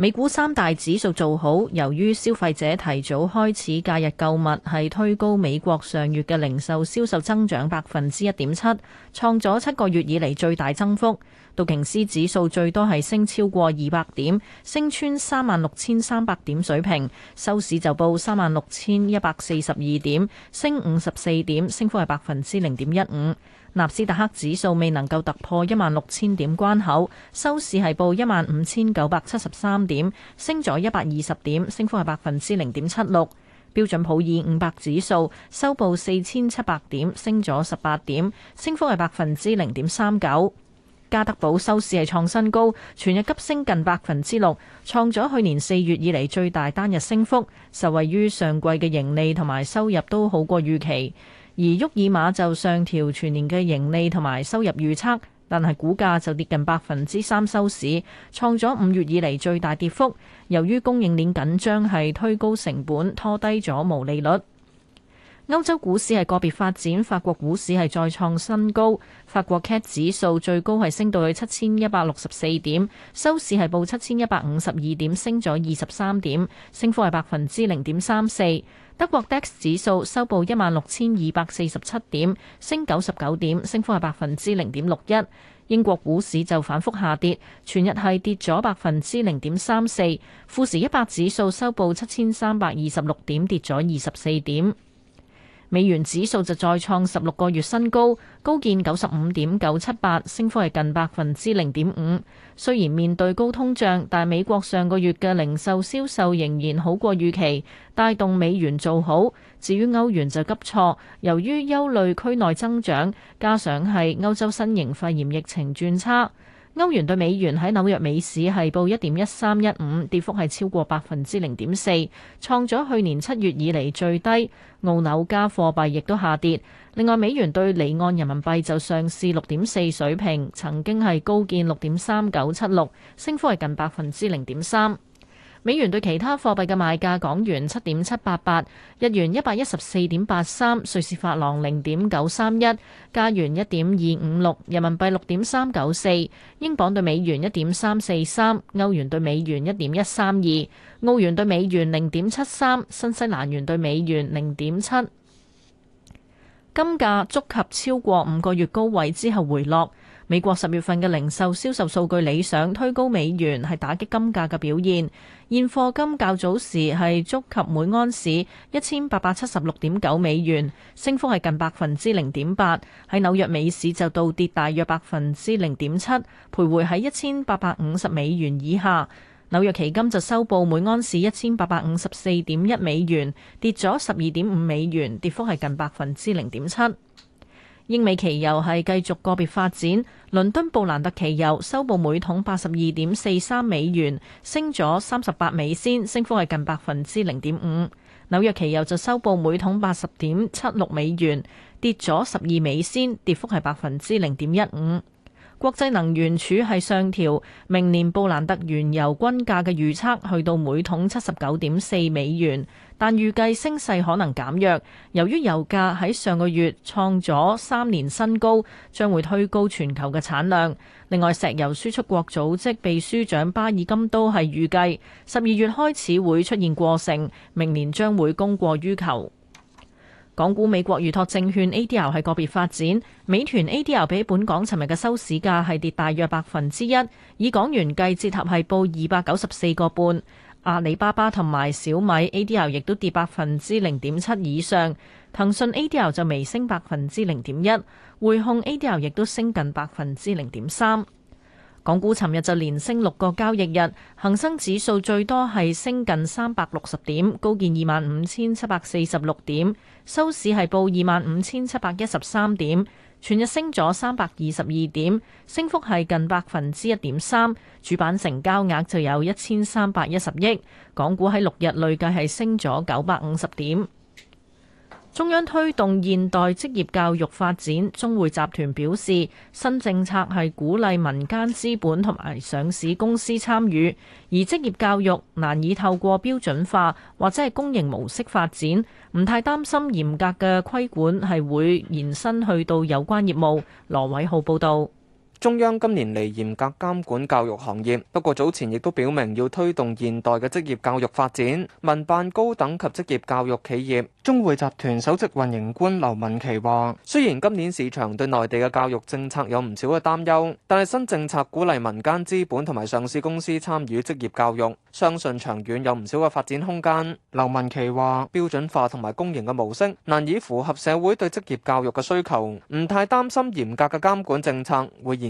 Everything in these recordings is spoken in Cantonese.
美股三大指數做好，由於消費者提早開始假日購物，係推高美國上月嘅零售銷售，售增長百分之一點七，創咗七個月以嚟最大增幅。道瓊斯指數最多係升超過二百點，升穿三萬六千三百點水平，收市就報三萬六千一百四十二點，升五十四點，升幅係百分之零點一五。納斯達克指數未能夠突破一萬六千點關口，收市係報一萬五千九百七十三點，升咗一百二十點，升幅係百分之零點七六。標準普爾五百指數收報四千七百點，升咗十八點，升幅係百分之零點三九。加德寶收市係創新高，全日急升近百分之六，創咗去年四月以嚟最大單日升幅，受惠於上季嘅盈利同埋收入都好過預期。而沃爾瑪就上調全年嘅盈利同埋收入預測，但係股價就跌近百分之三收市，創咗五月以嚟最大跌幅。由於供應鏈緊張，係推高成本，拖低咗毛利率。歐洲股市係個別發展，法國股市係再創新高。法國 CAC 指數最高係升到去七千一百六十四點，收市係報七千一百五十二點，升咗二十三點，升幅係百分之零點三四。德國 DAX 指數收報一萬六千二百四十七點，升九十九點，升幅係百分之零點六一。英國股市就反覆下跌，全日係跌咗百分之零點三四。富時一百指數收報七千三百二十六點，跌咗二十四點。美元指數就再創十六個月新高，高見九十五點九七八，升幅係近百分之零點五。雖然面對高通脹，但美國上個月嘅零售銷售仍然好過預期，帶動美元做好。至於歐元就急挫，由於憂慮區內增長，加上係歐洲新型肺炎疫情轉差。歐元對美元喺紐約美市係報一點一三一五，跌幅係超過百分之零點四，創咗去年七月以嚟最低。澳紐加貨幣亦都下跌。另外，美元對離岸人民幣就上試六點四水平，曾經係高見六點三九七六，升幅係近百分之零點三。美元對其他貨幣嘅賣價：港元七點七八八，日元一百一十四點八三，瑞士法郎零點九三一，加元一點二五六，人民幣六點三九四，英鎊對美元一點三四三，歐元對美元一點一三二，澳元對美元零點七三，新西蘭元對美元零點七。金價觸及超過五個月高位之後回落。美國十月份嘅零售銷售數據理想，推高美元係打擊金價嘅表現。現貨金較早時係觸及每安士一千八百七十六點九美元，升幅係近百分之零點八。喺紐約美市就倒跌大約百分之零點七，徘徊喺一千八百五十美元以下。紐約期金就收報每安士一千八百五十四點一美元，跌咗十二點五美元，跌幅係近百分之零點七。英美期油係繼續個別發展，倫敦布蘭特期油收報每桶八十二點四三美元，升咗三十八美仙，升幅係近百分之零點五。紐約期油就收報每桶八十點七六美元，跌咗十二美仙，跌幅係百分之零點一五。國際能源署係上調明年布蘭特原油均價嘅預測，去到每桶七十九點四美元。但預計升勢可能減弱，由於油價喺上個月創咗三年新高，將會推高全球嘅產量。另外，石油輸出國組織秘書長巴爾金都係預計十二月開始會出現過剩，明年將會供過於求。港股美國預託證券 ADR 係個別發展，美團 ADR 比起本港尋日嘅收市價係跌大約百分之一，以港元計，折合係報二百九十四個半。阿里巴巴同埋小米 ADR 亦都跌百分之零點七以上，騰訊 ADR 就微升百分之零點一，匯控 ADR 亦都升近百分之零點三。港股尋日就連升六個交易日，恒生指數最多係升近三百六十點，高見二萬五千七百四十六點，收市係報二萬五千七百一十三點，全日升咗三百二十二點，升幅係近百分之一點三。主板成交額就有一千三百一十億，港股喺六日累計係升咗九百五十點。中央推動現代職業教育發展，中匯集團表示，新政策係鼓勵民間資本同埋上市公司參與，而職業教育難以透過標準化或者係公營模式發展，唔太擔心嚴格嘅規管係會延伸去到有關業務。羅偉浩報導。中央今年嚟嚴格監管教育行業，不過早前亦都表明要推動現代嘅職業教育發展。民辦高等及職業教育企業中匯集團首席運營官劉文琪話，雖然今年市場對內地嘅教育政策有唔少嘅擔憂，但係新政策鼓勵民間資本同埋上市公司參與職業教育，相信長遠有唔少嘅發展空間，劉文琪話標準化同埋公營嘅模式難以符合社會對職業教育嘅需求，唔太擔心嚴格嘅監管政策會延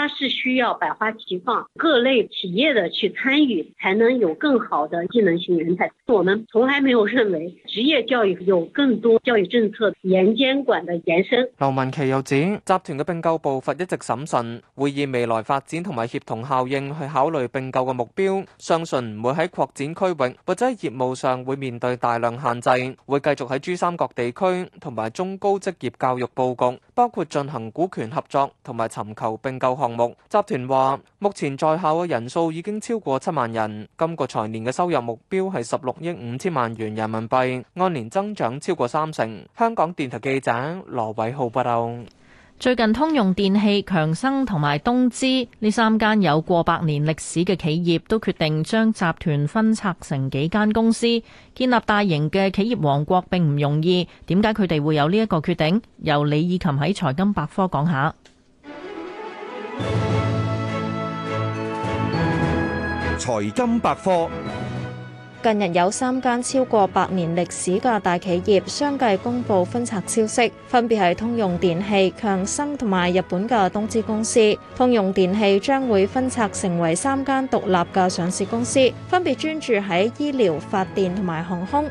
它是需要百花齊放，各類企業的去參與，才能有更好的技能型人才。我們從來沒有認為職業教育有更多教育政策嚴監管的延伸。劉文琪又指，集團嘅併購步伐一直審慎，會以未來發展同埋協同效應去考慮併購嘅目標。相信唔會喺擴展區域或者業務上會面對大量限制，會繼續喺珠三角地區同埋中高職業教育佈局，包括進行股權合作同埋尋求併購學院。目集團話，目前在校嘅人數已經超過七萬人。今個財年嘅收入目標係十六億五千萬元人民幣，按年增長超過三成。香港電台記者羅偉浩報道。最近通用電器、強生同埋東芝呢三間有過百年歷史嘅企業都決定將集團分拆成幾間公司，建立大型嘅企業王國，並唔容易。點解佢哋會有呢一個決定？由李以琴喺財金百科講下。財金百科，近日有三間超過百年歷史嘅大企業相繼公布分拆消息，分別係通用電器、強生同埋日本嘅東芝公司。通用電器將會分拆成為三間獨立嘅上市公司，分別專注喺醫療、發電同埋航空。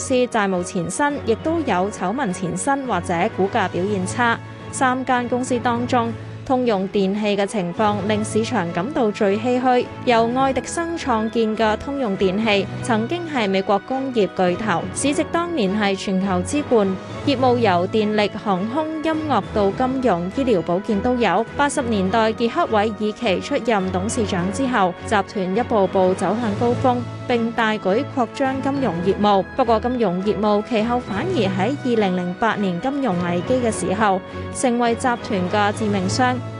是債務纏身，亦都有醜聞纏身或者股價表現差。三間公司當中，通用電器嘅情況令市場感到最唏噓。由愛迪生創建嘅通用電器，曾經係美國工業巨頭，市值當年係全球之冠。業務由電力、航空、音樂到金融、醫療保健都有。八十年代，傑克韋爾奇出任董事長之後，集團一步步走向高峰，並大舉擴張金融業務。不過，金融業務其後反而喺二零零八年金融危機嘅時候，成為集團嘅致命傷。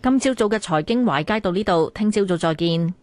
今朝早嘅財經華爾街到呢度，聽朝早，早再見。